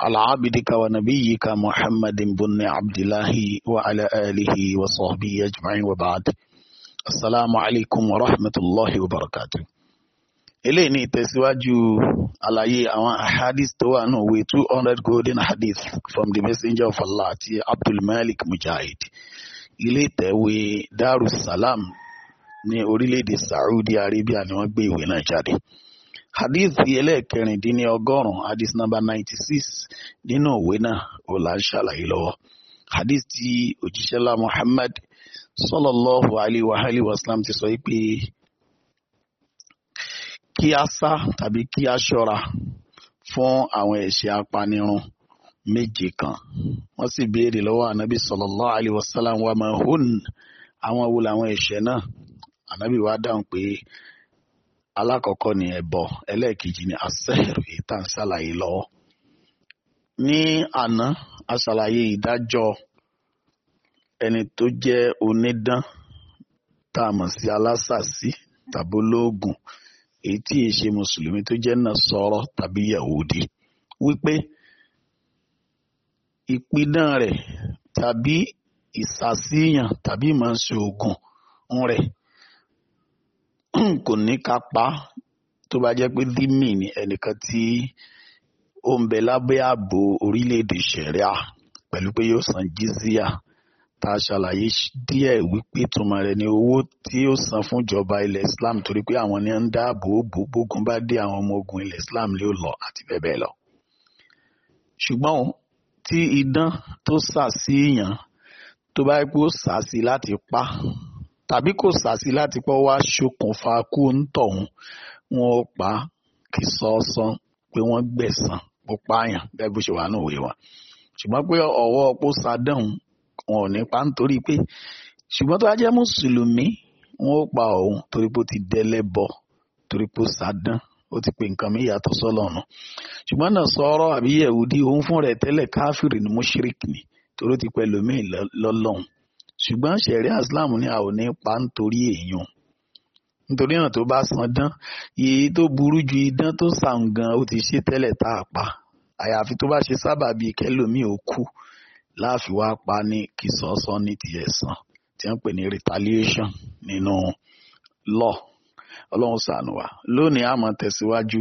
على عبدك ونبيك محمد بن عبد الله وعلى آله وصحبه أجمعين وبعد السلام عليكم ورحمة الله وبركاته eléyìí ni ìtẹ̀síwájú àlàyé àwọn hadith tó wà nù wí two hundred golden hadith from the messenger of Allah ti Abdulmalik Mujahid ilé ìtẹ̀wé Darussalam ní orílẹ̀-èdè Saudi Arabia ni wọ́n gbé ìwé náà jáde hadithi ẹlẹ́ẹ̀kẹrìndínlọ́gọ́rùn-ún hadith number ninety six nínú òwe náà ò là ń ṣàlàyé lọ́wọ́ hadith ti òjíṣẹ́lá muhammad sallallahu alayhi wa alayhi wa sallam ti sọ pé kí a sá tàbí kí a ṣọ́ra fún àwọn ẹ̀ṣẹ̀ apanirun méje kan wọ́n sì béèrè lọ́wọ́ ànábì sallallahu alayhi wa sallam wa mahun hun àwọn wo làwọn ẹ̀ṣẹ̀ náà ànábì wa dáhùn pé alakọkọ ni ẹbọ ẹlẹ́ẹ̀kejì ni asẹ́hẹ̀rù èyí tá à ṣàlàyé lọ́wọ́ ní àná a ṣàlàyé ìdájọ́ ẹni tó jẹ́ onídán tá a mọ̀ sí alásàsí tàbí olóògùn èyí tí yìí ṣe mùsùlùmí tó jẹ́ Nasara tàbí Yahudi wípé tàbí ìsàsíyàn tàbí kò ní kápá tó bá jẹ́ pé dhimmi ni ẹnìkan tí ó ń bẹ lábẹ́ ààbò orílẹ̀-èdè sẹ̀ríà pẹ̀lú pé yóò san jizíà tá ṣàlàyé díẹ̀ wípé tuma rẹ̀ ni owó tí ó san fún ìjọba ilẹ̀ Islam torí pé àwọn ni ń dáàbò bò bógun bá dé àwọn ọmọ ogun ilẹ̀ Islam lé lọ àti bẹ́ẹ̀ bẹ́ẹ̀ lọ. ṣùgbọ́n tí idán tó sà sí èèyàn tó bá yẹ pé sà sí láti pa tàbí kò sà láti pọ́ wá ṣokùnfà kú ń tọ̀hún wọn ó pa kì sọ́ọ́sán pé wọ́n gbẹ̀sán ó pààyàn gẹ́gẹ́ bó ṣe wà ní òwe wa ṣùgbọ́n pé ọ̀wọ́ ọ̀pọ̀ sádẹ́hùn wọn ò ní pa nítorí pé ṣùgbọ́n tó bá jẹ́ mùsùlùmí wọn ó pa òun torí pé ó ti dẹ́lẹ́bọ torí pé ó sádán ó ti pe nǹkan mi yàtọ̀ sọ́lọ́run ṣùgbọ́n náà sọ̀rọ̀ àbí yẹ̀wùdí òun fún rẹ̀ tẹ́lẹ̀ káfíìrì ni mùṣírìkì ni torí ó ti pẹ́ lómi lọ́lọ́run ṣùgbọ́n ṣẹ̀ríà Islam ní a ò ní pa nítorí èèyàn nítorí náà tó bá san dán èyí tó burú ju idán tó sàn gan ó ti ṣe tẹ́lẹ̀ tá a pa àyàfi tó bá ṣe sábàbí kẹlòmíì ó kú láàfi wá pa ní kìsọ́sọ́ ní ti ẹ̀san tí wọ́n pè ní retaliation nínú law ọlọ́run ṣàánú wa lónìí a máa tẹ̀síwájú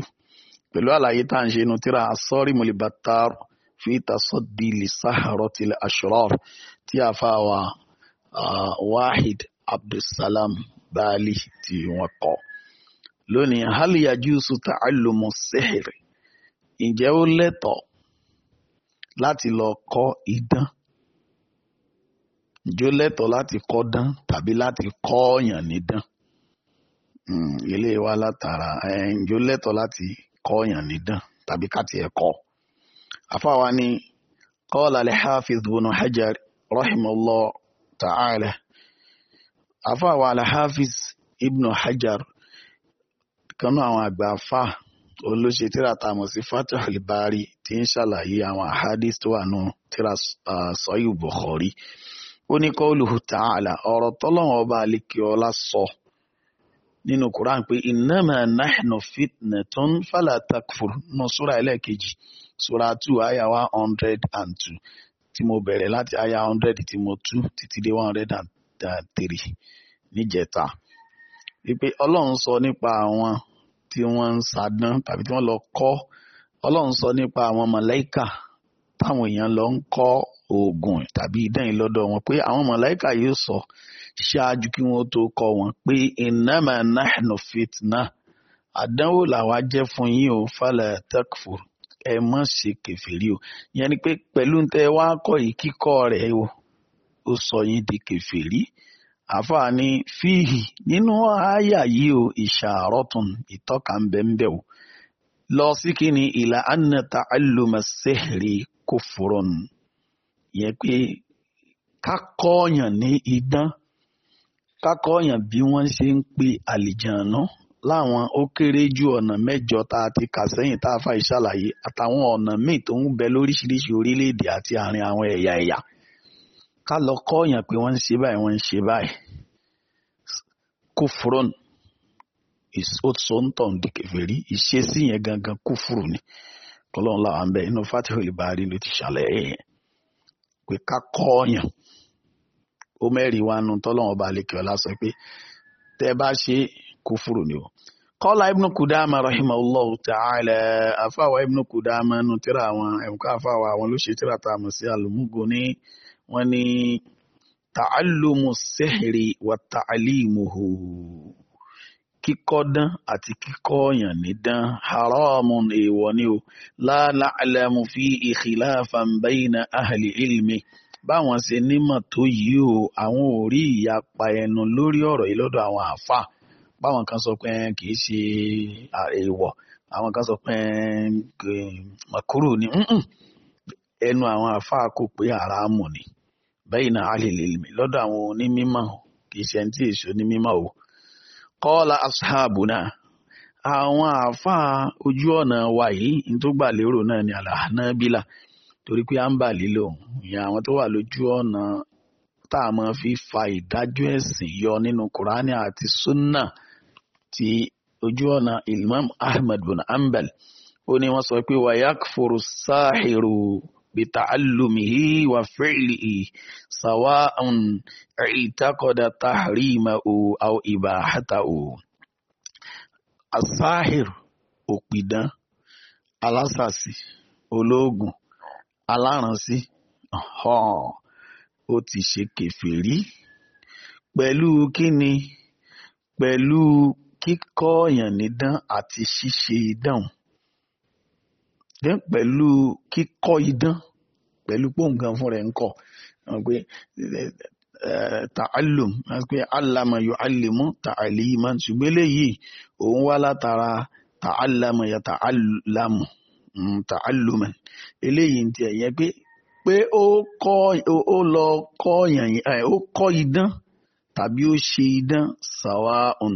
pẹ̀lú àlàyé tá à ń ṣe inú tíra asọ́rí mọ̀lẹ́bàtàrù fi tasọ́dí lè sáhàrọ́ tilẹ̀ àṣọ́rọ́ tí a fa wa Ah, Wahid Abdulsalam Baali tí wọ́n kọ́. Lónìí, hal yajuzu ta'allumu sihr. Ǹjẹ́ ó lẹ́tọ̀ọ́ láti lọ kọ́ idán? Ǹjẹ́ ó lẹ́tọ̀ọ́ láti kọ́ dán tàbí láti kọ́ ọ̀yàn ní dán? Hmm, ilé wa látara ǹjẹ́ ó lẹ́tọ̀ọ́ láti kọ́ ọ̀yàn ní tàbí ká tiẹ̀ kọ́. Àfáwa ni qala al-Hafiz ibn Hajar rahimahullah ta'ala afáwa alhafiz ibn hajar kanú àwọn àgbà afá olóṣè tíra tààmù sí fatahul bari tí ń ṣàlàyé àwọn ahadis tó wà nù tíra sọyù bukhari ó ní qawluhu ta'ala ọ̀rọ̀ tọ́lọ́wọ́n ọba alikiola sọ nínú quran pé innama nahnu fitnatun fala takfur nù súra ẹlẹ́ẹ̀kejì súra two àyà one tí mo bẹ̀rẹ̀ láti aya hundred tí mo tú títí dé one hundred and uh, three níjẹta wípé ọlọ́run sọ nípa àwọn tí wọ́n ń sadán tàbí tí wọ́n lọ kọ́ ọlọ́run sọ nípa àwọn mọ̀lẹ́kà táwọn èèyàn lọ ń kọ́ oògùn tàbí idán yìí lọ́dọ̀ wọn pé àwọn mọ̀lẹ́kà yóò sọ ṣáájú kí wọ́n tó kọ́ wọn pé innama nahnu fitna àdánwò làwa jẹ́ fún yín o fala takfur ẹ má ṣe kèfèrí o ìyẹn ni pé pẹ̀lú tẹ wá kọ́ yìí kíkọ́ rẹ̀ o ó sọ yín di kèfèrí àfáà ni fíhì nínú àáyà yìí o ìṣàrọ́tún ìtọ́ka ń bẹ́ ń bẹ́ o lọ sí kí ni ìlà anna ta'alluma sihri kufrun yẹn pé kákọ́ọ̀yàn ní idán kákọ́ọ̀yàn bí wọ́n ṣe ń pe àlìjànú láwọn ó kéré ju ọ̀nà mẹ́jọ tá a ti kà sẹ́yìn tá a fà ìṣàlàyé àtàwọn ọ̀nà míì tó ń bẹ lóríṣiríṣi orílẹ̀-èdè àti àárín àwọn ẹ̀yà ẹ̀yà ká lọ kọ́ọ̀yàn pé wọ́n ń ṣe báyìí wọ́n ń ṣe báyìí kúfúrọ́n ìsótòǹtàn dìkẹ̀fẹ̀rí ìṣesí yẹn gangan kúfúrù ni kọ́lọ́n làwọn bẹ́ẹ̀ inú fatihul bari ló ti ṣàlàyé yẹn pé ká kọ́ọ̀yàn ó mẹ́rin wa tọ́lọ́wọ́n ba lè kí ọ lásán pé tẹ́ bá ṣe kúfúrú ni o. kọ́lá ibnu kudama rahimahullah ta'ala afáwa ibnu kudama nu tíra àwọn ẹ̀mùkọ́ afáwa àwọn ló ṣe tíra tá a mọ̀ sí al-Mughni wọ́n ní ta'allumu sihri wa ta'alimuhu kíkọ́ dán àti kíkọ́ ọ̀yàn nídán haramun èèwọ̀ ni o la na'lamu fi khilafan bayna ahli ilmi báwọn ṣe nímọ̀ tó yìí o àwọn ò rí ìyapa ẹnu lórí ọ̀rọ̀ yìí lọ́dọ̀ àwọn àáfàá páwọn kan sọ pé kì í ṣe èèwọ̀ àwọn kan sọ pé mọ̀kúrò ni ẹnu àwọn àfáà kò pé àràmù ni bẹ́ẹ̀ náà a lè lè mi lọ́dọ̀ àwọn onímọ̀ kì í ṣe ẹni tí èso onímọ̀ o kọ́ọ̀lá ashabuna àwọn àáfàá ojú ọ̀nà wa yìí ní tó gbà lérò náà ni alahanabila torí pé à ń bà lílo ìyẹn àwọn tó wà lójú ọ̀nà tá a máa fi fa ìdájọ́ ẹ̀sìn yọ nínú kùránì àti súnà ti ojú ọ̀nà Imam Ahmad bin Hanbal ó ní wọ́n sọ pé wa yakfuru sáàhìrù bita'allumihi wa fi'lihi sawa'un i'taqada tahrimahu aw ibahatahu asáàhìr òpìdán alásàsì olóògùn aláransí ó ti ṣe kèfèrí pẹ̀lú kíni pẹ̀lú kíkọ́ èèyàn nídán àti ṣíṣe idán then pẹ̀lú kíkọ́ idán pẹ̀lú pòun gan fún rẹ̀ ń kọ́ pé eh, ta'allum pé allama yu'allimu ta'aliman ṣùgbọ́n eléyìí òun wá látara ta'allama ya ta'allamu mm, ta'alluma eléyìí ti ẹ̀yẹ pé pé ó kọ́ ó lọ kọ́ yàn eh, ó kọ́ idán tàbí ó ṣe idán sawa'un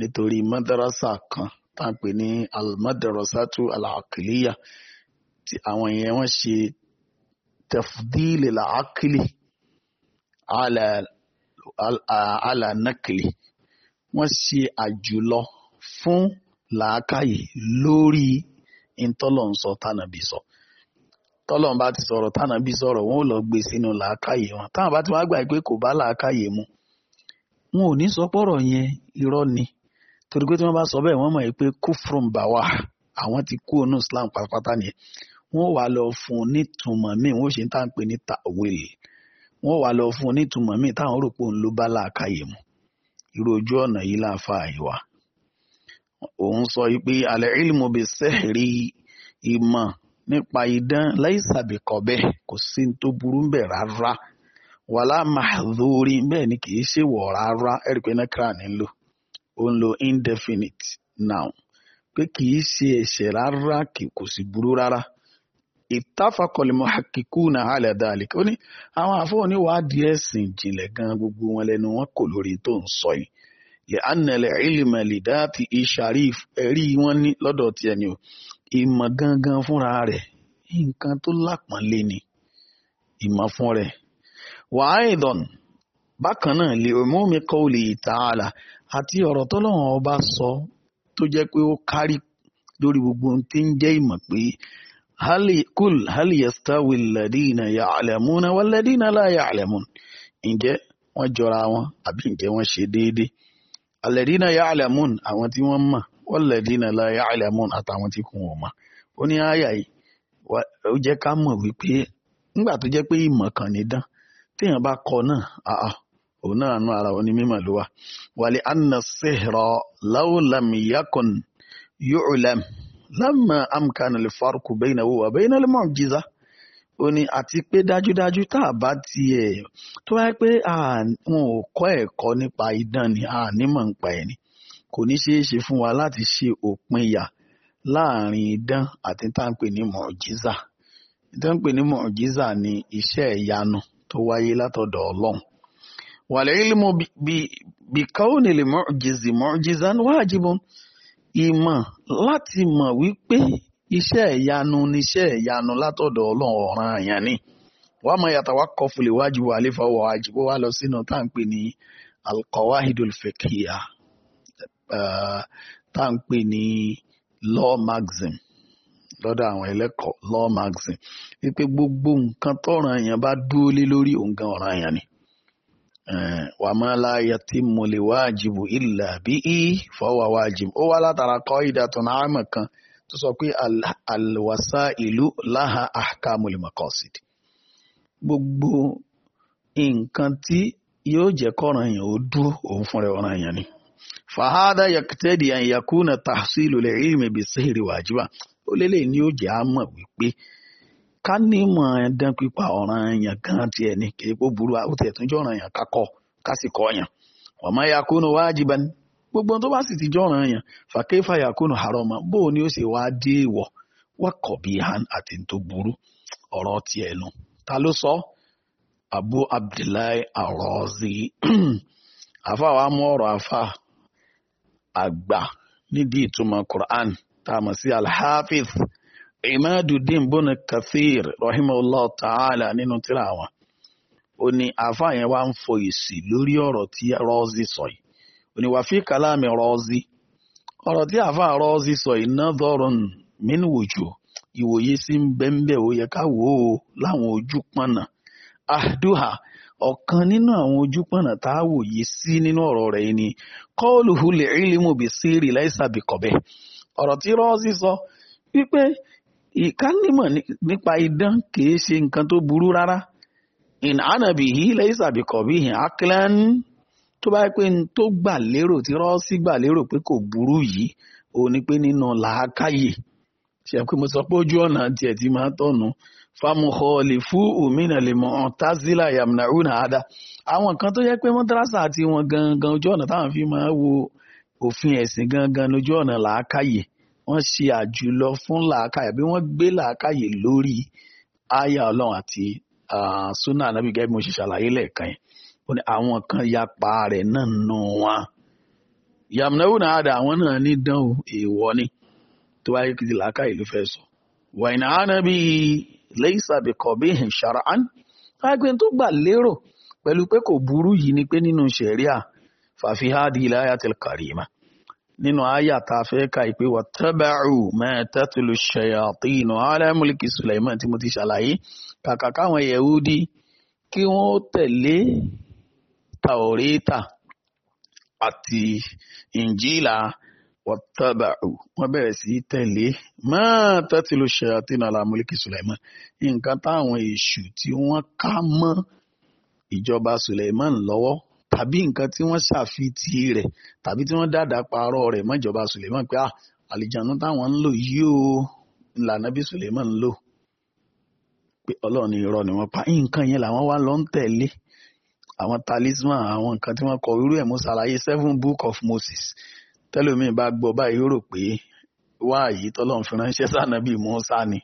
nítorí madarasa kan tá à ń pè ní almadarasatu alakiliya tí àwọn yẹn wọ́n ṣe tafdili laakili ala ala nakili wọ́n ṣe àjùlọ fún làákàyè lórí ìtọ́lọ̀nsọ tánàbí sọ tọ́lọ̀n bá ti sọ̀rọ̀ tánàbí sọ̀rọ̀ wọn ò lọ gbé sínú làákàyè wọn táwọn bá ti wá gbà pé kò bá làákàyè mu wọn ò ní sọ pọ̀rọ̀ yẹn irọ́ ni torí pé tí wọ́n bá sọ bẹ́ẹ̀ wọ́n mọ̀ pé kúfrùn bá wà àwọn ti kú ònú islam pátápátá nìyẹn wọ́n wà lọ fún un nítumọ̀ míì wọ́n ṣe ń pè ní tawil wọ́n wà lọ fún un nítumọ̀ míì táwọn rò pé òun ló bá làákàyè mu irú ojú ọ̀nà yìí àyíwá òun sọ pé alẹ́ ilmu bi sẹ́ẹ̀rí ìmọ̀ nípa idán láìsàbí kò sí tó burú rárá bẹ́ẹ̀ ni kì rárá ń lo indefinite noun pé kì í ṣe ẹ̀ṣẹ̀ rárá kò sì burú rárá hakiku na ala dhalika ó ní àwọn àfọwọ́ di ẹ̀sìn ìjìnlẹ̀ gan gbogbo wọn lẹ́nu wọn kò lórí tó ń sọ yìí li'anna al-ilma dati dhati sharif wọn ní ni gangan fúnra rẹ nǹkan tó lápọ̀nlé ni fún wa bákan náà àti ọ̀rọ̀ tọ́lọ́run ọba sọ tó jẹ́ pé ó kárí lórí gbogbo ohun tí ń jẹ́ ìmọ̀ pé kul hali yastawi alladina ya'lamuna walladina la ya'lamun ǹjẹ́ wọ́n jọra wọn àbí ǹjẹ́ wọ́n ṣe déédé alladina ya'lamun àwọn tí wọ́n mọ̀ walladina la ya'lamun àtàwọn tí kò wọ́n mọ̀ ó ní àyà yìí ó jẹ́ ká mọ̀ wípé nígbà tó jẹ́ pé ìmọ̀ kan ní dán téèyàn bá kọ náà òun náà nu ara òun ní mímọ̀ ló wà wàlẹ anna sihra law lam yakun yu'lam lamma amkana lè farku bainahu wa bayna lè mu'jiza ó ní àti pé dájúdájú tá a bá tiẹ̀ tó wáyé pé àwọn ò kọ́ ẹ̀kọ́ nípa idán ni ànímọ̀ ń pa ẹ̀ ni kò ní ṣeé ṣe fún wa láti ṣe òpinya láàrin idán àti tá à pè ní mọ̀ọ́jíza tá à pè ní mọ̀ọ́jíza ni iṣẹ́ ìyanu tó wáyé látọ̀dọ̀ ọlọ́run wàlẹ́ìlmù bí káwọnì lè mọ́jìzì mọ́jìzán wájibun ìmọ̀ láti mọ̀ wípé iṣẹ́ ìyanu níṣẹ́ ìyanu látọ̀dọ̀ ọlọ́run ọ̀ràn àyàn ni wàá mọ yàtọ̀ wá kọ́ fúlẹ̀ wájú wa lè fọwọ́ àjùbọ́ wa lọ sínú tá ní alqawahidul fiqhiya eh, tá ní law magazine lọ́dọ̀ àwọn ẹlẹ́kọ̀ọ́ law magazine wípé gbogbo nǹkan tọ̀ràn èèyàn bá dúró lé lórí òun ọ̀ràn èèyàn ni Eh, wà máa la yàtí mọ̀lẹ́ wájibu ìlà bí i fọwọ́ wájibu ó wá látara kọ́ ìdàtún àmọ̀ kan tó sọ pé àlùwàsá ìlú láha ahkamul maqasid gbogbo nǹkan tí yóò jẹ́ kọ́ran èèyàn ó dúró òun fúnra ọ̀ràn èèyàn ni fàhádà yàtẹ́dì àyàkúnà tàṣílù lẹ́yìn ìmẹ̀bí sẹ́ẹ̀rì wàjibà ó lélẹ̀ ní ó jẹ́ àmọ̀ wípé ká nímọ̀ ẹ̀dán pípa ọ̀ràn èèyàn kan tiẹ̀ ni kì í kó àwọn tiẹ̀ tún jẹ́ ọ̀ràn èèyàn kakọ̀ ká sì máa yàn ọ̀mọ yakunu wajiban gbogbo tó bá sì ti jọ ọ̀ràn èèyàn fàkẹ́fà yakunu harama bó o ní o sì wá dé ìwọ̀ wákọ̀ han àti tó ta ló sọ afa wa afa àgbà nídìí Qur'an tá a Imaduddin bọ́nà Kathir rahimahullah ta'ala n'inu tíra wọn ó afa àáfàá yẹn wá ń fọ èsì lórí ọ̀rọ̀ tí Razi sọ yìí ó ní wàá fi kàlámì Razi ọ̀rọ̀ tí àáfàá Razi sọ yìí nadharun min wujuh ìwòye sí ń bẹ́ ń bẹ́ ó yẹ ká wò ó láwọn ojú pọ̀nà ahduha ọ̀kan nínú àwọn ojú pọ̀nà tá a wòye sí nínú ọ̀rọ̀ rẹ̀ ni qawluhu al-ilmu bis-sirri laysa bi-qabih ọ̀rọ̀ tí Razi sọ wípé ká nímọ̀ nípa idán kìí ṣe nǹkan tó burú rárá in anabi yìí lẹ́yìn sàbíkọ̀ bí hin aklan tó bá pé tó gbà lérò tí rọ́ọ̀sì gbà lérò pé kò burú yìí ò ní pé nínú làákàyè ṣe pé mo sọ pé ojú ọ̀nà tiẹ̀ ti máa tọ̀nù famuhọ́ọ̀lì fún òmìnira lè mọ̀ ọ́n tazila yamnauna ada àwọn kan tó yẹ pé mọ́tàrásà àti wọn gangan ojú ọ̀nà táwọn fi máa wo òfin ẹ̀sìn gangan lójú ọ̀nà làákàyè wọ́n ṣe àjùlọ fún làákàyè bí wọ́n gbé làákàyè lórí àyà ọlọ́run àti súnà anábì gẹ́gẹ́ bí mo ṣe ṣàlàyé lẹ́ẹ̀kan yẹn ó ní àwọn kan yapa rẹ̀ náà nù wọn yamnawu náà dà àwọn náà ní dán o ni tó wáyé kìí làákàyè ló fẹ́ sọ wàyìn àánà bíi lẹ́yìnsà bìkọ́ bíi hìnṣàrà án lágbẹ́ tó gbà lérò pẹ̀lú pé kò burú yìí ni pé nínú ṣẹ̀ríà fàfihàdì láyàtìl kàrímà nínú àyà tá a fẹ́ ka ìpè wà tẹ́bẹ̀rù mẹ́tẹ́tùlù ṣayàtìnù aláìmúlìkì Sulaiman tí mo ti ṣàlàyé kàkà káwọn Yẹhudi kí wọ́n tẹ̀lé tàórítà àti Injila wàtábàù wọn bẹ̀rẹ̀ sí tẹ̀lé máa tẹ́tìlú ṣayatin alámúlíkì Suleiman nǹkan táwọn èṣù tí wọ́n ká mọ́ ìjọba Suleiman lọ́wọ́ tàbí nǹkan tí wọ́n ṣàfitì rẹ̀ tàbí tí wọ́n dáadáa parọ́ rẹ̀ mọ́jọba Suleiman pé àlìjànú táwọn ń lò yìí o ìlànà bí Suleiman ń lò pé ọlọ́run irọ́ ni wọ́n pa nǹkan yẹn làwọn wá lọ ń tẹ̀lé àwọn talisman àwọn nǹkan tí wọ́n kọ irú ẹ̀ mú ṣàlàyé seven book of Moses tẹ́lómìn bá gbọ́ báyìí rò pé wáàyí tọ́lọ́run fi ránṣẹ́ sànàbí Mùsá ni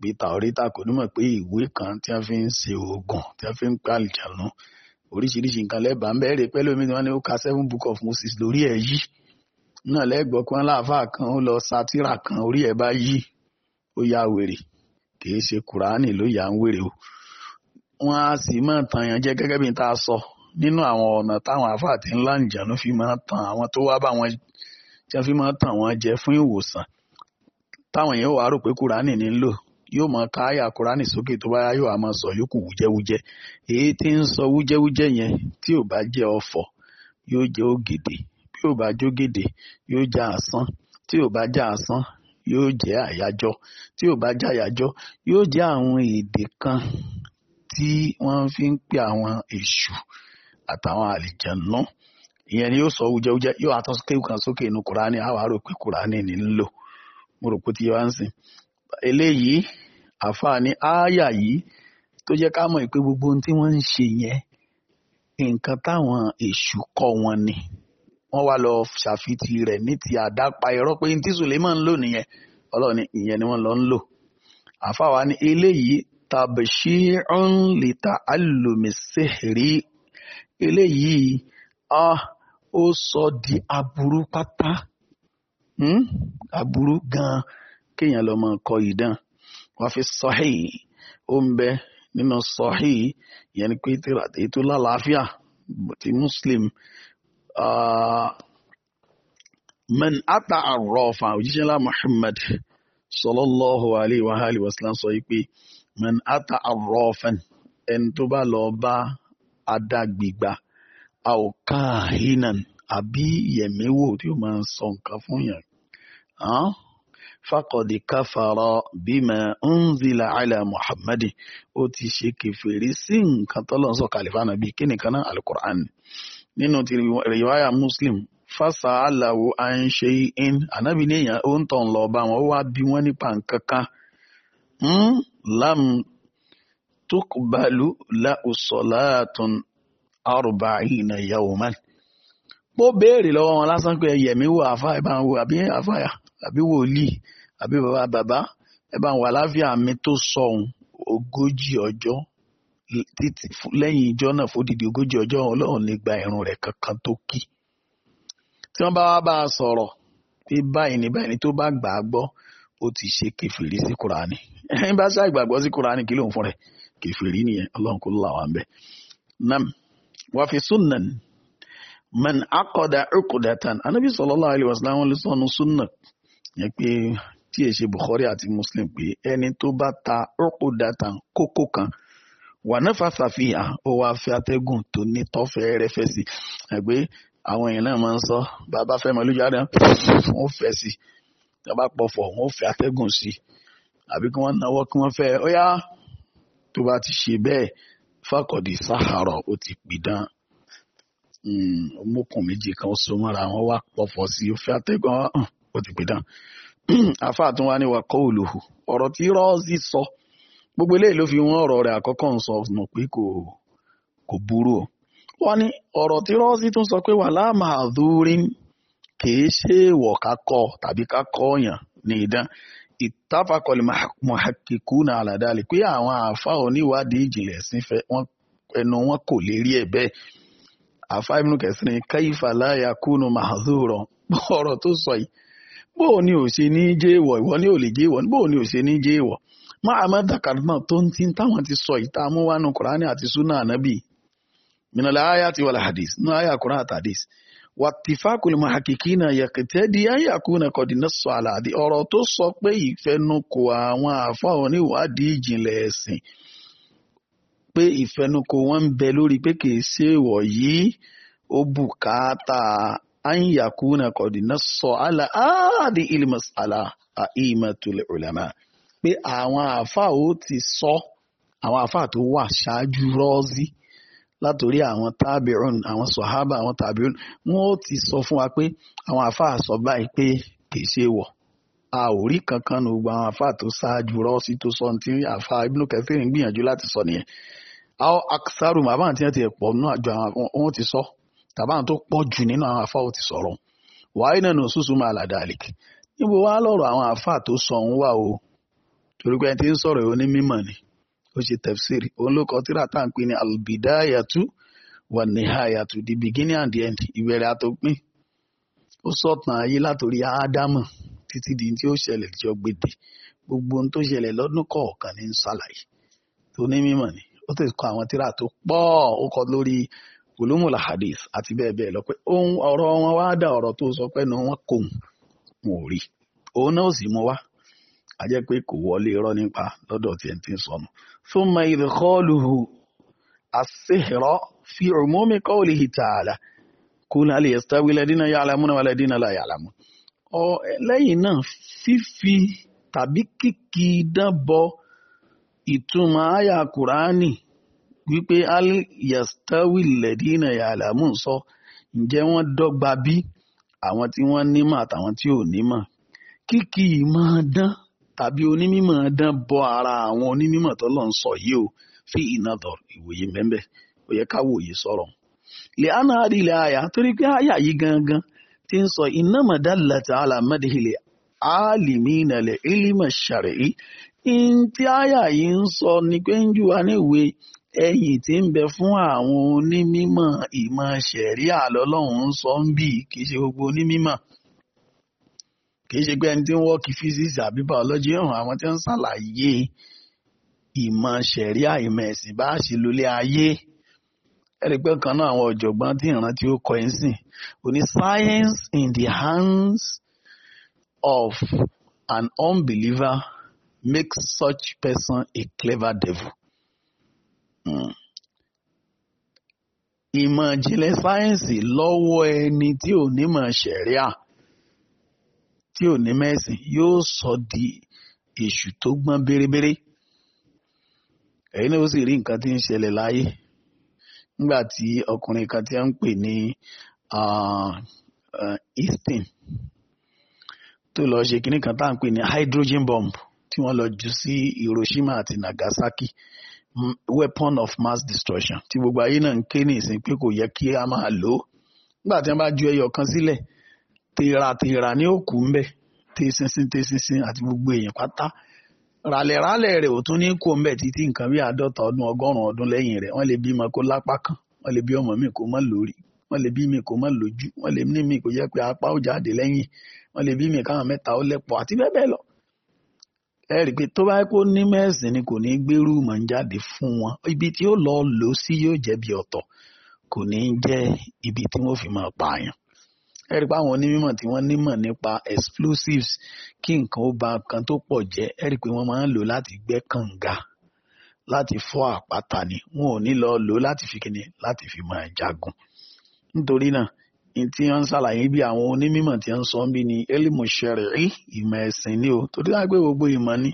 bí tàórítà kò ní mọ̀ pé ìwé kan tí wọ́n fi ń ṣe oògùn tí wọ́n fi ń pa àlìjànú oríṣiríṣi nǹkan lẹ́bàá ń bẹ̀rẹ̀ pẹ́lú omi tí wọ́n ní ó ka seven book of Moses lórí ẹ̀ yìí náà lẹ́gbọ̀ọ́ kan láàfáà kan ó lọ sátírà kan orí ẹ̀ bá yí ó ya wèrè kìí ṣe kùránì ló yà ń wèrè o wọ́n á sì máa tan yàn jẹ gẹ́gẹ́ bí n ta sọ nínú àwọn ọ̀nà táwọn àfáà tí ńlá ìjànú fi máa tan àwọn tó wá bá wọn jẹ́ fi máa tan wọn jẹ fún ìwòsàn táwọn yẹn wàá rò pé kùránì ní ń lò yóò máa ka àyà kúránì sókè tó bá yá yóò máa sọ yòókù wújẹ́wújẹ́ èyí tí ń sọ wújẹ́wújẹ́ yẹn tí ò bá jẹ́ ọ̀fọ̀ yóò jẹ́ ògèdè bí ò bá jógèdè yóò jẹ́ asán tí ò bá jẹ́ asán yóò jẹ́ àyájọ́ tí ò bá jẹ́ àyájọ́ yóò jẹ́ àwọn èdè kan tí wọ́n fi ń pè àwọn èṣù àtàwọn àlìjànnú ìyẹn ni yóò sọ wújẹwújẹ yóò atọ́ kan sókè inú kùránì àwa rò pé kùránì ń lò mo rò pé tí wọ́n ń sìn eléyìí àfáà ní ááyà yìí tó jẹ́ ká mọ̀ pé gbogbo ohun tí wọ́n ń ṣe yẹn nǹkan táwọn èṣù kọ́ wọn ni wọ́n wá lọ ṣàfitì rẹ̀ ní ti àdápa irọ́ pé ní tí Suleiman ń lò nìyẹn ọlọ́ọ̀ni ìyẹn ni wọ́n lọ ń lò àfáà wa ní eléyìí tabshirun li ta'allumi sihri eléyìí ó sọ di aburú pátá hmm? aburú gan-an kéèyàn lọ máa kọ ìdán wọ́n fi sọ́hì ó ń bẹ nínú sọ́hì ìyẹn ni pé ètò lálàáfíà ti muslim man ata arọ́fà òjíṣẹ́ ńlá muhammad sallallahu alayhi wa alihi wa sallam sọ pé man ata arọ́fà ẹni tó bá lọ bá adágbègbà àwòkáhinan àbí yẹ̀mẹ́wò tí ó máa ń sọ nǹkan fún yàn faqad kafara bima unzila ala muhammadin ó ti ṣe kẹfẹ́rí sí nǹkan tọ́lọ́run sọ kàlífà náà bíi kíni kan náà alukur'an nínú ti rìwáyà muslim fásà aláwo à ń ṣe in ànábì ní èèyàn ó ń tọ̀ ń lọ bá wọn ó wá bí wọ́n nípa nǹkan kan hmm? lam tuqbalu lahu salatun arba'ina yawman mo béèrè lọ́wọ́ wọn lásán pé ẹ̀yẹ̀mí wo àfáà ìbáwọn wo àbí àfáà àbí wòlíì àbí Baba Baba, ẹ bá ń wà láfíà mi tó sọhun ogójì ọjọ́ títí lẹ́yìn ìjọ náà fódìdí ogójì ọjọ́ ọlọ́run lè gba ìrun rẹ̀ kankan tó kì tí wọ́n bá wá bá a sọ̀rọ̀ pé báyìí ní báyìí ní tó bá gbà á gbọ́ ó ti ṣe kẹfìrí sí kuraani ẹni bá ṣe àgbàgbọ́ sí kuraani kí ló ń fún rẹ̀ kẹfìrí nìyẹn ọlọ́run kò là wà ń bẹ̀. nam wàfi sunnan man akọ̀dà ọkọ̀dà tan anabi sallallahu alaihi wasallam ló sọnù sunna yẹ pé tí è ṣe Bukhari àti Muslim pé ẹni tó bá ta rọ́pò dátà kókó kan wà náà fà ṣàfihàn ó wá fẹ́ atẹ́gùn tó ní tọ́fẹ́ rẹ́fẹ́ sí ẹgbẹ́ àwọn èèyàn náà máa ń sọ bàbá fẹ́ mọ lójú àdán wọ́n fẹ́ sí bàbá pọ̀fọ̀ wọ́n fẹ́ atẹ́gùn sí àbí kí wọ́n náwó kí wọ́n fẹ́ ó yá tó bá ti ṣe bẹ́ẹ̀ fàkọ̀dì sáhàrọ̀ ó ti pìdán mọ́kùn hmm, méjì kan ó so wọn wá pọ̀fọ̀ sí ó fẹ́ atẹ́gùn ó ti pìdán afaa tún wa ní wa qawluhu ọ̀rọ̀ tí rọ́ọ̀sì sọ gbogbo eléyìí ló fi wọ́n ọ̀rọ̀ rẹ̀ àkọ́kọ́ ń sọ nù pé kò burú o wọ́n ní ọ̀rọ̀ tí rọ́ọ̀sì tún sọ pé wala mahdhurin kìí ṣe èèwọ̀ ká tàbí ká ní ala pé àwọn ìjìnlẹ̀ sí fẹ́ ẹnu wọn kò lè rí bẹ́ẹ̀ ọ̀rọ̀ tó sọ yìí bó o ò ṣe ní jẹ́ ìwọ̀ ìwọ ní ò lè jẹ́ ìwọ̀ o ò ṣe ní jẹ́ ìwọ̀ máa má dàkàrà tó ti sọ ìta amúwánu kùránì àti minala aya ti wàlá hadis aya kùránì àti wà di aya sọ tó sọ pé ìfẹnukò àwọn oníwádìí pé ìfẹnukò wọn ń bẹ an yakuna qad nassa ala áàdì al-mas'ala a'immatul ulama pé àwọn àáfàá ó ti sọ àwọn àáfàá tó wà ṣáájú rọ́ọ̀zì látòrí àwọn tábìrún àwọn sọ̀hábà àwọn tábìrún wọn ó ti sọ fún wa pé àwọn àáfàá sọ báyìí pé kì í ṣe wọ̀ a ò rí kankan ní gbogbo àwọn àáfàá tó ṣáájú rọ́ọ̀sì tó sọ ní ti àáfàá Ibn Kathir ń gbìyànjú láti sọ nìyẹn àwọn aksarum àbáǹtí ẹ̀ ti pọ̀ náà ju àwọn wọn ti sọ tàbáwọn tó pọ̀ jù nínú àwọn àfa ò ti sọ̀rọ̀ wàá iná nù sùsù máa là dàlík níbo wàá lọ́rọ̀ àwọn àfa tó sọ òun wà o torí pé ẹni tí ń sọ̀rọ̀ yìí ó ní mímọ̀ ni ó ṣe tẹ̀fsìrì òun ló kọ tíra ń pè ní albidayatu wà nihayatu the beginning and the end ìbẹ̀rẹ̀ àtòpin ó sọ̀tàn ayé látòrí ádámù títí di tí ó ṣẹlẹ̀ tí ó gbèdè gbogbo ohun tó ṣẹlẹ̀ lọ́dún kọ̀ọ̀kan ní ń ṣàlàyé tó ní mímọ̀ ni ó ti àwọn tíra pọ̀ ó kọ lórí ulumul hadith àti bẹ́ẹ̀ bẹ́ẹ̀ lọ pé ohun ọ̀rọ̀ wọn wá dá ọ̀rọ̀ tó sọ pé nu wọn kò wọn ò rí òun náà sì mú wá a jẹ́ pé kò wọlé irọ́ nípa lọ́dọ̀ tiẹ̀ tí ń sọnù thumma idkhāluhu as-sihra fi umumi qawlihi ta'ala qul hal yastawi alladhina ya'lamuna walladhina la ya'lamun ọ lẹ́yìn náà fífi tàbí kíkì dánbọ ìtumọ̀ àyà kùránì wípé al yastawi lẹ́dínà yàlámù ń sọ ǹjẹ́ wọ́n dọ́gba bí àwọn tí wọ́n nímọ̀ àtàwọn tí ò nímọ̀ kíkì ìmọ̀ dán tàbí onímọ̀ dán bọ́ ara àwọn onímọ̀ tó lọ́n sọ yìí o fi iná tọ̀ ìwòye mẹ́mbẹ́ ó yẹ ká wòye sọ̀rọ̀ lè á náà rí ilẹ̀ àyà torí pé àyà yìí gangan ti ń sọ iná mọ̀dálàtà alámẹ́dẹ̀ẹ́lẹ̀ alìmínà lẹ̀ ìlímọ̀ ṣàrẹ̀ yìí ní tí àyà yìí ń sọ ni pé ń jù wá ní ìwé Èyí tí ń bẹ fún àwọn onímímọ̀ ìmọ̀ ṣẹ̀ríà lọ́lọ́run ń sọ níbí, kìí ṣe gbogbo onímímọ̀. Kìí ṣe pé ẹni tí ń wọ́ọ̀kì physics àbí biology, ìhùn àwọn tí ń ṣàlàyé ìmọ̀ ṣẹ̀ríà, ìmọ̀ ẹ̀sìn bá ṣe lólé ayé. Ẹ rí pé kan náà àwọn ọ̀jọ̀gbọ́n tí ìran tí ó kọ ẹ́ sìn, ó ní science in the hands of an unbeliever makes such person a clever devil. Hmm. ìmọ̀ ìjìnlẹ̀ sáyẹ́ǹsì lọ́wọ́ ẹni tí ò ní mọ̀ ṣẹ̀ríà tí ò ní mẹ́sìn yóò sọ di èṣù tó gbọ́n bérebére èyí ni ó sì rí nǹkan tí ń ṣẹlẹ̀ láyé nígbà tí ọkùnrin kan tí a ń pè ní Easton tó lọ ṣe kinní kan tá à ń pè ní hydrogen bomb tí wọ́n lọ jù sí Hiroshima àti Nagasaki weapon of mass destruction tí gbogbo ayé náà ń ké ní ìsìn pé kò yẹ kí a máa lò ó nígbà tí wọ́n bá ju ẹyọ kan sílẹ̀ tèràtèrà ní òkú ń bẹ tẹ̀sínsin tẹ̀sínsin àti gbogbo èèyàn pátá ràlẹ̀ràlẹ̀ rẹ̀ ò tún ní kó ń bẹ títí nǹkan bí àádọ́ta ọdún ọgọ́rùn-ún ọdún lẹ́yìn rẹ̀ wọ́n lè bímọ kó lápá kan wọ́n lè bí ọmọ mi kó mọ́ lórí wọ́n lè bí mi kó mọ́ lójú wọ́n lè ní mi kó jẹ́ pé apá ò jáde lẹ́yìn wọ́n lè bí mi káwọn mẹ́ta ó lẹ́pọ̀ àti bẹ́ẹ̀ bẹ́ẹ̀ lọ ẹ rí i pé tó bá kó ní mẹ́sìn ni kò ní gbérú mọ̀ ń jáde fún wọn ibi tí ó lọ lò sí yóò jẹ́ bí ọ̀tọ̀ kò ní jẹ́ ibi tí wọ́n fi máa pààyàn ẹ rí i pé àwọn onímọ̀ tí wọ́n nímọ̀ nípa explosives kí nǹkan ó ba kan tó pọ̀ jẹ́ ẹ rí i pé wọ́n máa ń lò láti gbẹ́ kànga láti fọ́ àpáta ni wọn ò ní lọ lò láti fi kíni láti fi máa jagun nítorí náà tí wọ́n ń ṣàlàyé bí àwọn onímọ̀ tí wọ́n ń sọ bí ni elimu ṣẹ̀rẹ̀rí ìmọ̀ ẹ̀sìn ni o torí wọ́n pé gbogbo ìmọ̀ ni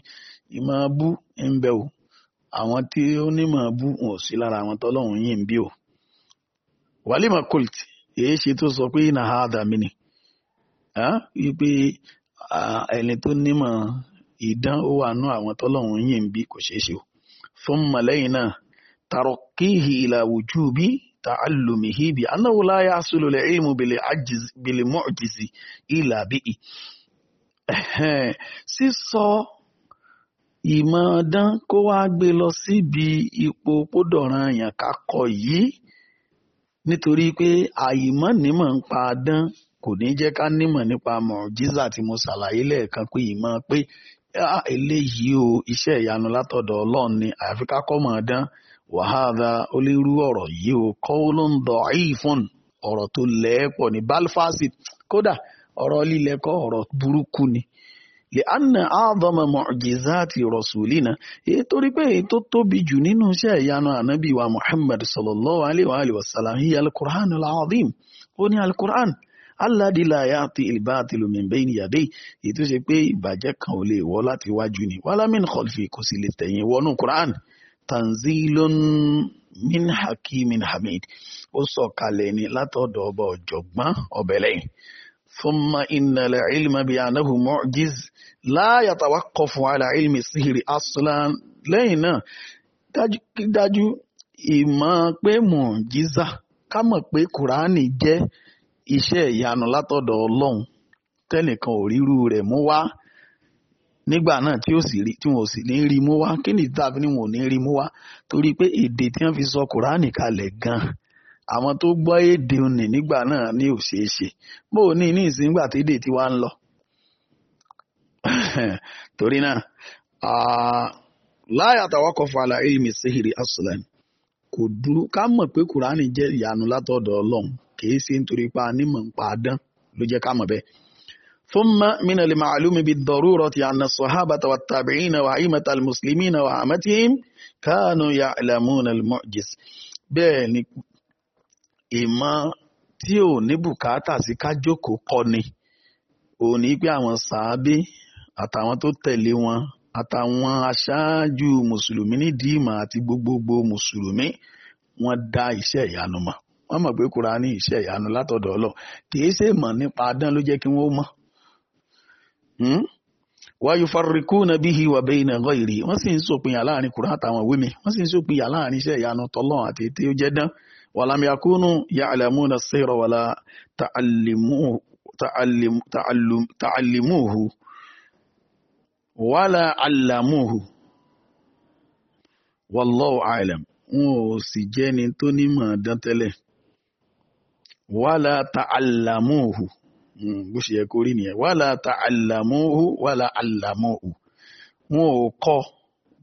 ìmọ̀ bú ń bẹ o àwọn tí onímọ̀ bú wọn ò sí lára àwọn tọ́lọ́hún yìí ń bí o. wàlímà colt èyí ṣe tó sọ pé iná ha dàmí ni wípé ẹni tó nímọ̀ ìdán ó wà nú àwọn tọ́lọ́hún yìí ń bí kò ṣeé ṣe o. fún mọ̀lẹ́yìn náà tàrọ̀kì ìlà wujubi تعلمه بأنه لا يحصل العلم بالعجز بالمعجز إلا به sísọ ìmọ̀ọ́dán kó wá gbé lọ síbi ipò kódọ̀ràn èèyàn kakọ yìí nítorí pé àìmọ̀ nímọ̀ ń pa dán kò ní jẹ́ ká nímọ̀ nípa mọ̀jísà tí mo ṣàlàyé lẹ́ẹ̀kan pé ìmọ̀ pé ah, eléyìí o iṣẹ́ ìyanu látọ̀dọ̀ ọlọ́run ni àyàfi ká kọ́ mọ̀ọ́dán wàhádà olérú ọ̀rọ̀ yìí o qawlun da'ifun ọ̀rọ̀ tó lẹ́ẹ̀pọ̀ ní balfasi kódà ọ̀rọ̀ lílẹ̀kọ́ ọ̀rọ̀ burúkú ni lè anna àádọ́mọ mu'jizati rasulina èyí torí pé èyí tó tóbi jù nínú iṣẹ́ ìyanu ànábì wa muhammad sallallahu alayhi wa alihi wa sallam hiya alukur'an al-azim ó ní alukur'an alladhi la ya'ti al-batilu min bayni yadayhi èyí tó ṣe pé ìbàjẹ́ kan ò lè wọ́ láti wájú ni wala min kò sì lè tẹ̀yìn wọnú kur'an. tanzilun min hakimin hamid ó sọ̀kalẹ̀ ní látọ̀dọ̀ ọba ọ̀jọ̀gbọ́n ọ̀bẹ̀lẹ́yìn thumma innal ilma bi anahu mu'jiz la yatawaqqafu ala ilmi sihiri aslan lẹ́yìn náà dájúdájú ìmọ̀ pe mu Jiza mọ̀ pe kùránì je iṣẹ́ ìyanu látọ̀dọ̀ ọlọ́run tẹ́nìkan ò rírú rẹ̀ mú wá nígbà náà tí wọn ò sì ní rí mú wá kí ni tàbí ni wọn ò ní rí mú wá torí pé èdè tí wọ́n fi sọ kùránì kalẹ̀ gan-an àwọn tó gbọ́ èdè òní nígbà náà ní ò ṣeé ṣe bó o ní ní ìsìn nígbà tédè tí wàá ń lọ. torí náà láyà tàwọn kọfà àlàyé mi sihiri aslan kò dúró ká mọ̀ pé kùránì jẹ́ ìyanu látọ̀dọ̀ ọlọ́run kì í ṣe nítorí pa anímọ̀ ń pa adán ló jẹ́ ká mọ̀ bẹ́ẹ̀. ثم من المعلوم بالضرورة أن الصحابة والتابعين وأئمة المسلمين وعامتهم كانوا يعلمون المعجز bẹ́ẹ̀ ni ìmọ̀ tí ò ní bùkátà sí kájókòó kọ́ni ò ní pé àwọn sàábé àtàwọn tó tẹ̀lé wọn àtàwọn aṣáájú mùsùlùmí nídìí ìmọ̀ àti gbogbogbò mùsùlùmí wọ́n dá iṣẹ́ ìyanu mọ̀ wọ́n mọ̀ pé Kùránì iṣẹ́ ìyanu látọ̀dọ̀ Ọlọ́run kì í ṣe mọ̀ nípa adán ló jẹ́ kí wọ́n mọ̀ Hmm? wa yufarrikuna bihi wa bayna ghayri wọ́n sì ń sòpinya láàrin kùrán àtàwọn ìwé mi wọ́n sì ń sòpinya láàrin iṣẹ́ ìyanu tọ́lọ́n àti ètè ó jẹ́ dán walam yakunu ya'lamuna sirra wala ta'allimuhu wala 'allamuhu wallahu wọn ò sì jẹ́ni tó nímọ̀ dán tẹ́lẹ̀ wala ta'allamuhu. Hmm, bó ṣe yẹ kó rí nìyẹn wàhálà ta àlàmóhù wàhálà àlàmóhù wọn ò kọ́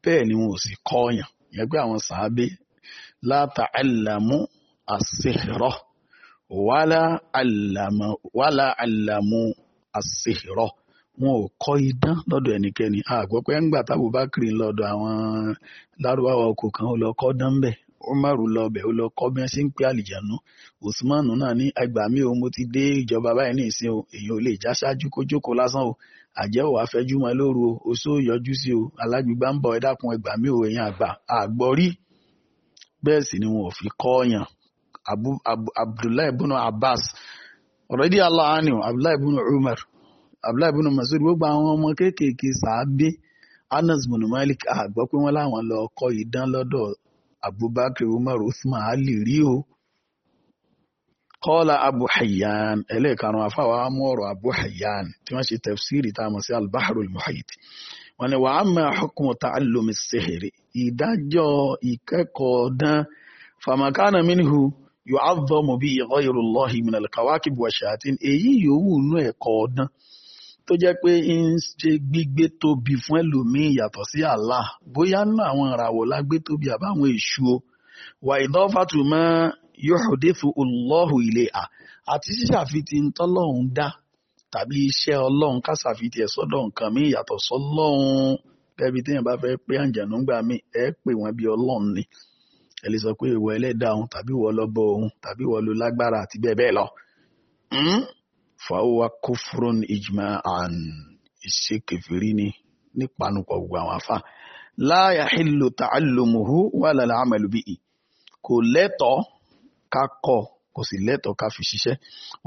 bẹ́ẹ̀ ni wọn ò sì kọ́ yàn yẹn pé àwọn sàábé láta àlàmú àṣehìrọ̀ wàhálà àlàmú àṣehìrọ̀ wọn ò kọ́ idán lọ́dọ̀ ẹnikẹ́ni àgbọ̀ pé ńgbà tábùbákiri lọ́dọ̀ àwọn lárúbáwá ọkọ̀ kan ó lọ kọ́ dán bẹ́ẹ̀ umaru lọbẹ̀ ó lọ kọ́ bí wọ́n ṣe ń pè àlìjánu usman náà ní ẹgbà mi ò mo ti dé ìjọba báyìí ní ìsìn o èèyàn ò lè já ṣáájú kó jókòó lásán o àjẹ́ ò wá fẹ́jú mọ́ lóru o oṣó yọjú sí o alágbègbà ń bọ̀ ẹ dákun ẹgbà mi ò èèyàn àgbà àgbọ̀rí bẹ́ẹ̀ sì ni wọn ò fi kọ́ ọ̀yàn abdullahi ibùnú abbas ọ̀rọ̀dí aláàánú abdullahi ibùnú umar abdullahi ibùnú masud gbogbo àwọn ọmọ kéékèèké sàábé anas ibùnú malik àgbọ́ pé wọ́n láwọn lọ kọ́ idán lọ́dọ̀ abubakar umar usman ali rí o kọ́lá abu hayyan ẹlẹ́ẹ̀karùn-ún afáwa mú ọ̀rọ̀ abu hayyan tí wọ́n ṣe tafsiri tá a mọ̀ sí albaharul muhayit wọn ni wàá mọ àkókò tá a lomi sèhèrè ìdájọ́ ìkẹ́kọ̀ọ́ dán famakana minhu yu'azzamu bi ghayrullahi min alkawakib wa shayatin èyí yòówù nú ẹ̀kọ́ dán tó jẹ́ pé ń ṣe gbígbé tóbi fún ẹlòmíín yàtọ̀ sí Allah bóyá nínú àwọn ìràwọ̀ la gbé tóbi àbáwọn èṣù o wà ìdánfàtù mọ́ yóòdéfù Allahu ilé à àti ṣíṣàfitì tọ́lọ́hún dá tàbí iṣẹ́ ọlọ́run kásàfitì ẹ̀ sọ́dọ̀ nǹkan míì yàtọ̀ sọ́lọ́hún kẹ́bi téèyàn bá fẹ́ pé àǹjànú gbà mí ẹ pè wọ́n bí ọlọ́run ni ẹ lè sọ pé ìwọ ẹlẹ́dàá òun tàbí ìwọ lọ́bọ òun tàbí ìwọ ló àti bẹ́ẹ̀ bẹ́ẹ̀ lọ. Hmm? fàáwá kófúrọ́n ìjìmá àn ìṣe kẹfìrí ni nípanupọ̀ gbogbo àwọn afá láàyà hìlò tààlùmùhù wà lálẹ́ àmàlù bíi kò lẹ́tọ̀ọ́ ká kọ́ kò sì lẹ́tọ̀ọ́ ká fi ṣiṣẹ́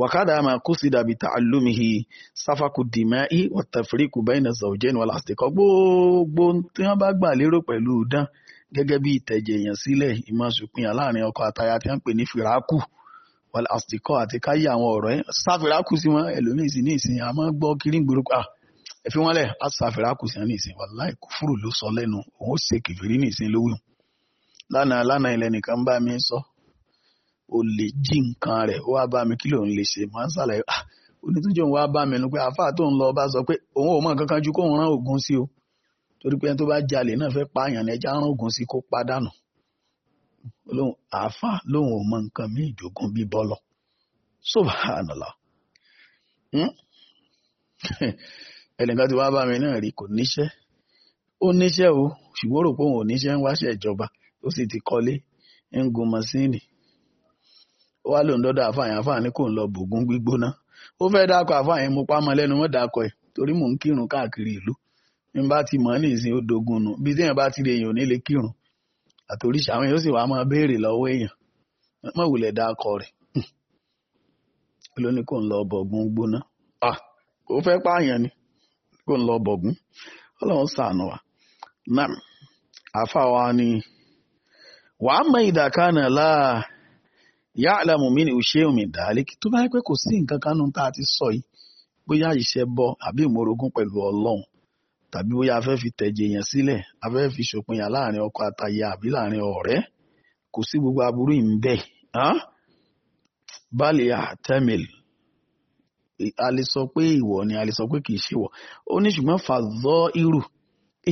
wàkádà àmà kó sì dàbí tààlùmìhì sáfàkù dìmáì wàtàfíríkù bẹ́ẹ̀nà zọ̀jẹ́ni wà lásìkò gbogbo tí wọ́n bá gbà lérò pẹ̀lú dán gẹ́gẹ́ bí ìtẹ̀jẹ̀ èèyàn sílẹ̀ ìmọ̀ ṣùpínyà láàrin ọkọ àtaya tí wọ́n pè ní fìràkù wàlá àsìkò àti káyé àwọn ọ̀rọ̀ yẹn sáfìrákù sí wọn ẹlòmíì sí ní ìsìn àmọ́ gbọ́ kiri ń gbòòrò pa ah, ẹ̀fí wọn lẹ̀ á sí wọn ní ìsìn wàlá ìkúfùrù ló sọ lẹ́nu òun ó ṣe ní ìsìn sọ ó lè jí nǹkan rẹ̀ ó wá mi kí lè ṣe máa ń ṣàlàyé ah, bá mi nu pé tó ń sọ pé òun ò mọ nǹkan kan ju rán o torí pé ẹni tó bá jalè náà fẹ́ ẹja rán sí olóhùn àáfàá lóhùn ò mọ nǹkan mí ìjogún bí bọ́lọ̀ subhanallah hmm? ẹnìkan tí wàá bá mi náà rí kò níṣẹ́ ó níṣẹ́ o ṣùgbọ́n rò pé òun ò níṣẹ́ ń wáṣẹ́ ìjọba ó sì ti kọ́lé ń gun mọ́síìnì ó wá lòun dọ́dọ̀ àfààyàn àfààní kò ń lọ bògún gbígbóná ó fẹ́ dákọ̀ àfààyàn mo pa mọ́ lẹ́nu mọ́ dákọ̀ ẹ̀ torí mò ń kírun káàkiri ìlú ní bá ti mọ̀ ní ó dogun nù bí téèyàn bá ti lè yàn nílé kírun àtòríṣà àwọn èèyàn sì wàá máa béèrè lọ́wọ́ èèyàn mọ̀ wulẹ̀ dá akọ rẹ̀ ló ní kò ń lọ bọ̀gún gbóná kò fẹ́ pààyàn ni kò ń lọ bọ̀gún ọlọ́run ṣàánú wa náà àfa wa ni wàá mọ ìdàkánà láà yá àlàmù mi ni òṣè omi dàálíkì tó bá yẹ pé kò sí nǹkan kan tá a ti sọ yìí bóyá ìṣẹ́ bọ àbí ìmọ̀rogún pẹ̀lú ọlọ́run tàbí bóyá a fẹ́ fi tẹ̀jẹ̀ yẹn sílẹ̀ a fẹ́ fi ṣòpinya láàrin ọkọ àtàyà àbí láàrin ọ̀rẹ́ kò sí gbogbo aburú yìí ń bẹ̀ bali atamil a lè sọ pé ìwọ ni a lè sọ pé kì í ṣe wọ ó ní ṣùgbọ́n fàzọ́ irú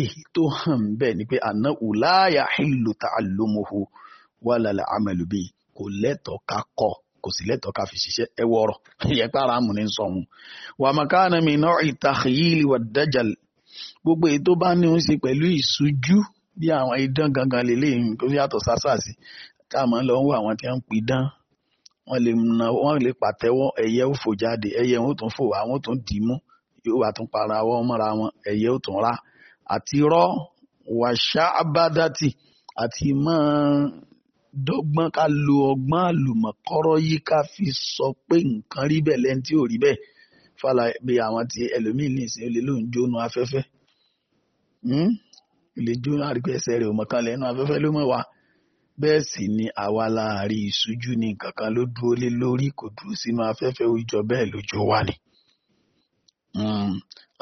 èyí tó hàn bẹ́ẹ̀ ni pé àná ùláyà ìlú ta àlómoho wà lálẹ́ amẹ́lùbí kò lẹ́tọ̀ọ́ ká kọ́ kò sì lẹ́tọ̀ọ́ ká fi ṣiṣẹ́ ẹ wọ̀rọ̀ ìyẹn pàrọ̀ àmúni sọ̀hún wàmàkánami náà ìtàkìyìlì wà dájàlì gbogbo èyí tó bá ní ó ń ṣe pẹ̀lú ìṣújú bí àwọn idán gangan lè léyìn tó yàtọ̀ sásàsì táàmù lọ ń wo àwọn tí wọ́n ń pidán wọ́n lè na wọ́n lè pàtẹ́wọ́ ẹyẹ ò fò jáde ẹyẹ ò tún fò àwọn ò tún dì í mú yóò wà tún para wọ́n mọ́ra wọn ẹyẹ ò tún rà àti rọ́ wàṣà abádàtì àti máa dọ́gbọ́n ká lo ọgbọ́n àlùmọ̀kọ́rọ́ yìí ká fi sọ pé nǹkan rí bẹ́ẹ̀ lẹ́ni tí ò rí bẹ́ẹ̀ fàlàbí àwọn tí ẹlòmíín ní ìsìn olè ló ń afẹ́fẹ́ Hmm? ilé jó àrígbé ẹsẹ̀ rẹ̀ ò mọ̀ kan lẹ́nu afẹ́fẹ́ ló mọ̀ wá bẹ́ẹ̀ sì ni àwa láàárí ìṣújú ní nǹkan kan ló dúró lé lórí kò dúró sínú afẹ́fẹ́ ó jọ bẹ́ẹ̀ lójó wà ni hmm.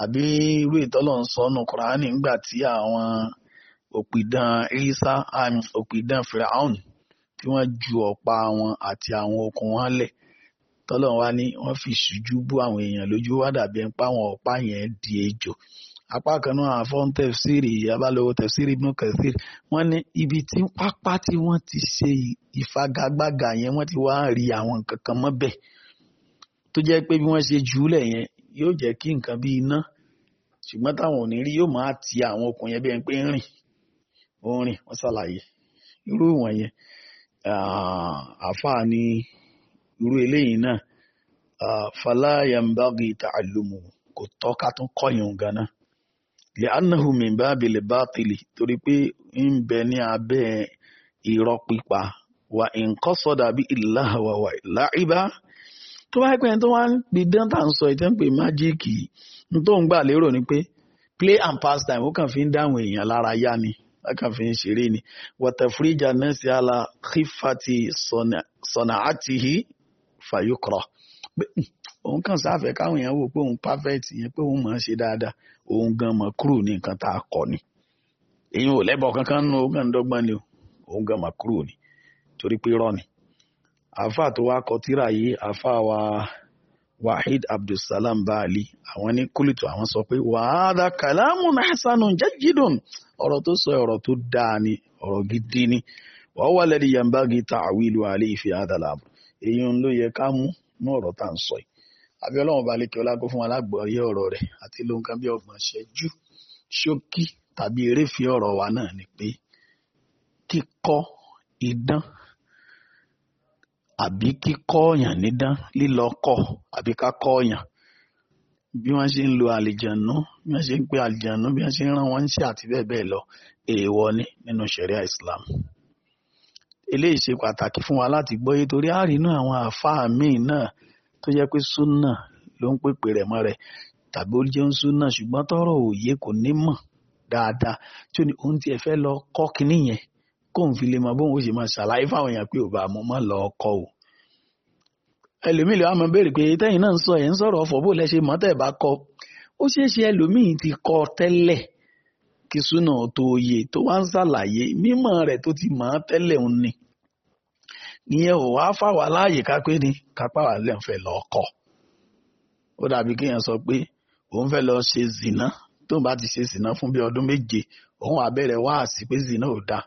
àbí irú ìtọ́lọ̀ ń sọnù kùránì nígbà tí àwọn òpìdán isa òpìdán firaun tí wọ́n ju ọ̀pá wọn àti àwọn okùn wọn lẹ̀ tọ́lọ̀ wa ni wọ́n fi ṣùjú bú àwọn èèyàn lójú wá dàbí ẹni pa àwọn ọ̀pá yẹn di ejò apá kan náà àfọ́n tẹ̀fsírì abálòwò tẹ̀fsírì ibn Kathir wọ́n ní ibi tí pápá tí wọ́n ti ṣe ìfagagbága yẹn wọ́n ti wá rí àwọn nǹkan kan mọ́ bẹ́ẹ̀ tó jẹ́ pé bí wọ́n ṣe jùúlẹ̀ yẹn yóò jẹ́ kí nǹkan bí iná ṣùgbọ́n táwọn ò ní rí yóò máa ti àwọn okùn yẹn bí ẹni pé ń rìn ó ń rìn wọ́n ṣàlàyé irú wọ̀nyẹn àáfàá ni irú eléyìí náà fàlàyé ń bá gbé ìta àlùmù kò tọ́ ká tún kọ́yìn ganan li'annahu min babil batili torí pé ń bẹ ní abẹ́ irọ́ pípa wà in qasada bí ìlàwà wà láìbá tó bá pẹ́ tó wá ń pi dẹ́ntà ń sọ ìtẹ́ ń pè tó ń gbà lérò ni pé play and pass time ó kàn fi ń dáhùn èèyàn lára yá ni lákàn fi ń ṣeré ni wàtàfríjà náà àlà kífàtì sọ̀nà àtìhí fàyókọ̀rọ̀ pé hmm, òun kàn sáfẹ́ káwọn èèyàn wò pé òun perfect yẹn pé òun mọ̀ ṣe dáadáa òun gan mọ̀ kúrò ní nǹkan tá a kọ ni èyí ò lẹ́bọ̀ kankan nínú ogún ẹ̀ńdọ́gbọ́n ni òun gan mọ̀ kúrò ni torí pé irọ́ ni àáfà tó wá kọ tíra yìí àáfà wa Wahid Abdulsalam Baali àwọn ní kúlìtù àwọn sọ pé wàhádà kàlámùn hasanun jẹ́jìdùn ọ̀rọ̀ tó sọ ọ̀rọ̀ tó dáa ni ọ̀rọ̀ gidi ni wàá wà lẹ́dí yambagi ta'awilu àlẹ́ ìfẹ́ àdàlà èyí ló yẹ ká mú nú ọ̀rọ̀ tá à ń sọ yìí àbí ọlọ́run ọba lékè ọlá kó fún wa lágbọ̀ọ́yé ọ̀rọ̀ rẹ̀ àti ló ń kan bí ọgbọ̀n ṣẹ́jú ṣókí tàbí eréfì ọ̀rọ̀ wa náà ni pé kíkọ́ idán àbí kíkọ́ ọ̀yàn nídán lílọ kọ́ àbí kákọ́ ọ̀yàn bí wọ́n ṣe ń lo àlìjànú bí wọ́n ṣe ń pe àlìjànú bí wọ́n ṣe ń rán wọn ṣe àti bẹ́ẹ̀ bẹ́ẹ̀ lọ èèwọ̀ ni nínú ṣẹ̀ríà Islam eléyìí ṣe pàtàkì fún wa láti gbọ́yé torí àrínú àwọn àáfàá míì náà tó jẹ́ pé súnà ló ń pèpè rẹ̀ mọ́ rẹ̀ tàbí ó jẹun súnà ṣùgbọ́n tọrọ òye kò ní mọ̀ dáadáa tí ó ní òun tiẹ̀ fẹ́ lọ kọ́ kinní yẹn kóun fi lè mọ bóun ó ṣe máa ṣàlàyé fáwọn èèyàn pé ò mo mọ́ lọ kọ́ o ẹlòmíì lè máa béèrè pé tẹ́yìn náà ń sọ ẹ̀ ń sọ̀rọ̀ ọ̀fọ̀ bó lẹ ṣe mọ́ tẹ́ ẹ̀ bá kọ́ ó ṣeé ẹlòmíì ti kọ́ tẹ́lẹ̀ kí súnà tó yé tó wá ń ṣàlàyé mímọ̀ rẹ̀ tó ti mọ̀ ọ́ tẹ́lẹ̀ ni ìyẹn ò wá fà wá láàyè kápé ni kápá wà lẹ́yìn fẹ́ lọ kọ́ ó dàbí kéèyàn sọ pé òun fẹ́ lọ ṣe zìnà tóun bá ti ṣe zìnà fún bí ọdún méje òun àbẹ̀rẹ̀ wá àsì pé zìnà ò dáa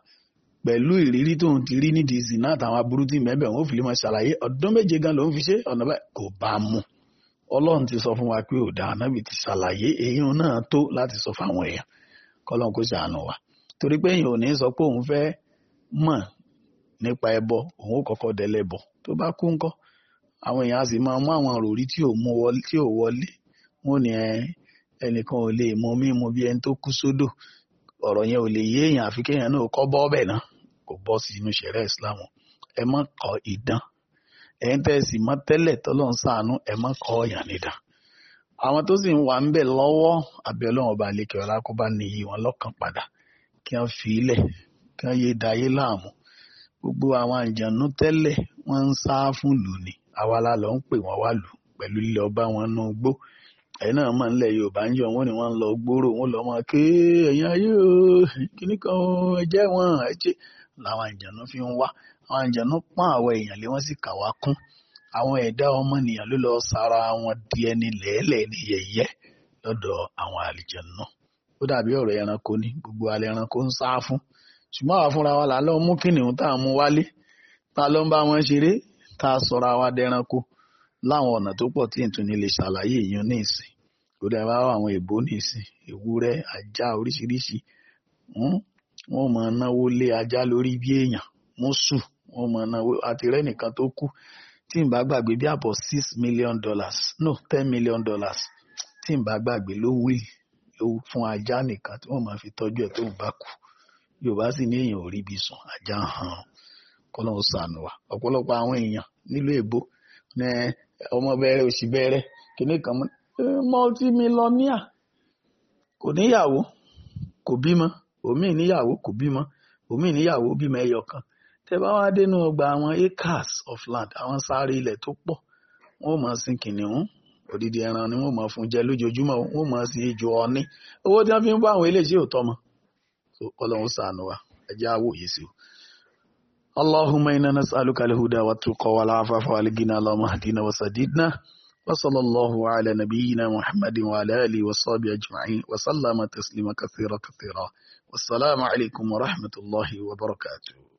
pẹ̀lú ìrírí tóun ti rí nídìí zìnà àtàwọn aburú tí mẹ́bẹ̀ òun ò fi lè mọ ṣàlàyé ọdún méje gan lòun fi ṣe ọ̀nà báyìí kò bá mu ọlọ́run ti sọ fún wa pé ò dáa náà ti ṣàlàyé èyí náà tó láti sọ fáwọn èèyàn kọ́lọ́n kó ṣàánú wa torí pé èèyàn ò ní sọ pé òun fẹ́ mọ̀ nípa ẹbọ òun ó kọ́kọ́ dẹlẹ́bọ tó bá kú ńkọ́ àwọn èèyàn á sì máa mú àwọn òròrí tí ò wọlé wọn ò ní ẹnìkan ò lè mọ mímu bí ẹni tó kú sódò ọ̀rọ̀ yẹn ò lè yé èèyàn àfi kéèyàn náà kọ́ bọ́ ọbẹ̀ náà kò bọ́ sí inú ṣẹ̀rẹ́ ìsìláàmù ẹ má kọ ìdán ẹ̀yin tẹ́ sì mọ̀ tẹ́lẹ̀ tọ́lọ́run ṣàánú ẹ má kọ ọ̀yàn nìdán àwọn tó sì ń wà ń bẹ lọ́wọ́ àbẹ̀ ọlọ́run ọba àlekè ọ̀la kó bá nìyí wọn lọ́kàn padà kí wọ́n fi ilẹ̀ kí wọ́n yé dayé láàmú gbogbo àwọn àjànú tẹ́lẹ̀ wọ́n ń sá fún lù ní àwa la wọ́n wá lù pẹ̀lú ilẹ̀ ọba wọn nú gbó ẹ̀yin mọ̀ nílẹ̀ yorùbá ń wọ́n ni wọ́n lọ gbòòrò lọ́ ké ẹ̀yin ayé o kíní kan wọn àwọn ẹ̀dá ọmọnìyàn ló lọ sara wọn di ni lẹ́ẹ̀lẹ́ ní yẹ̀yẹ́ lọ́dọ̀ àwọn àlìjẹ̀nù náà ó dàbí ọ̀rọ̀ ẹranko ní gbogbo alẹ́ ẹranko ń sá fún ṣùgbọ́n àwa fúnra wa là lọ mú kìnìún tá à mú wálé ta ló ń bá wọn ṣeré tá a sọra wa dẹranko láwọn ọ̀nà tó pọ̀ tí ìtún ní lè ṣàlàyé èèyàn ní ìsìn kó dẹ̀ bá àwọn èbó ní ìsìn ewúrẹ́ ajá oríṣiríṣi hmm, wọ́n mọ̀ náwó lé ajá lórí bí èèyàn mú sù wọ́n mọ̀ náwó àti tó kú tí n bá gbàgbé bí àbọ̀ six million dollars no ten million dollars tí n bá gbàgbé ló wíl ló fún ajá nìkan tí wọ́n máa fi tọ́jú ẹ̀ tó ń bá kú yorùbá sì ní èèyàn ò rí ibi sùn ajá hàn kọ́lọ́hún sànù wa ọ̀pọ̀lọpọ̀ àwọn èèyàn nílùú èbó ní ọmọ bẹ̀rẹ̀ òsì bẹ̀rẹ̀ kìnnì kan multimillionaire kò níyàwó kò bímọ òmíì níyàwó kò bímọ òmíì níyàwó bímọ ẹyọ kan tẹ bá wá dénú ọgbà àwọn acres of land àwọn sáré ilẹ̀ tó pọ̀ wọ́n mọ̀ sí kìnìún òdìdí ẹran ni wọ́n mọ̀ fún jẹ lójoojúmọ́ wọ́n mọ̀ sí ejò ọ̀ní owó tí wọ́n fi ń bá àwọn iléeṣẹ́ òótọ́ mọ́ so ọlọ́run ṣàánú wa ẹjẹ́ àwòye sí o. اللهم إنا نسألك الهدى والتقى والعفاف والغنى اللهم اهدنا وسددنا وصلى الله على نبينا محمد وعلى آله وصحبه أجمعين وسلم تسليما كثيرا كثيرا والسلام عليكم ورحمة الله وبركاته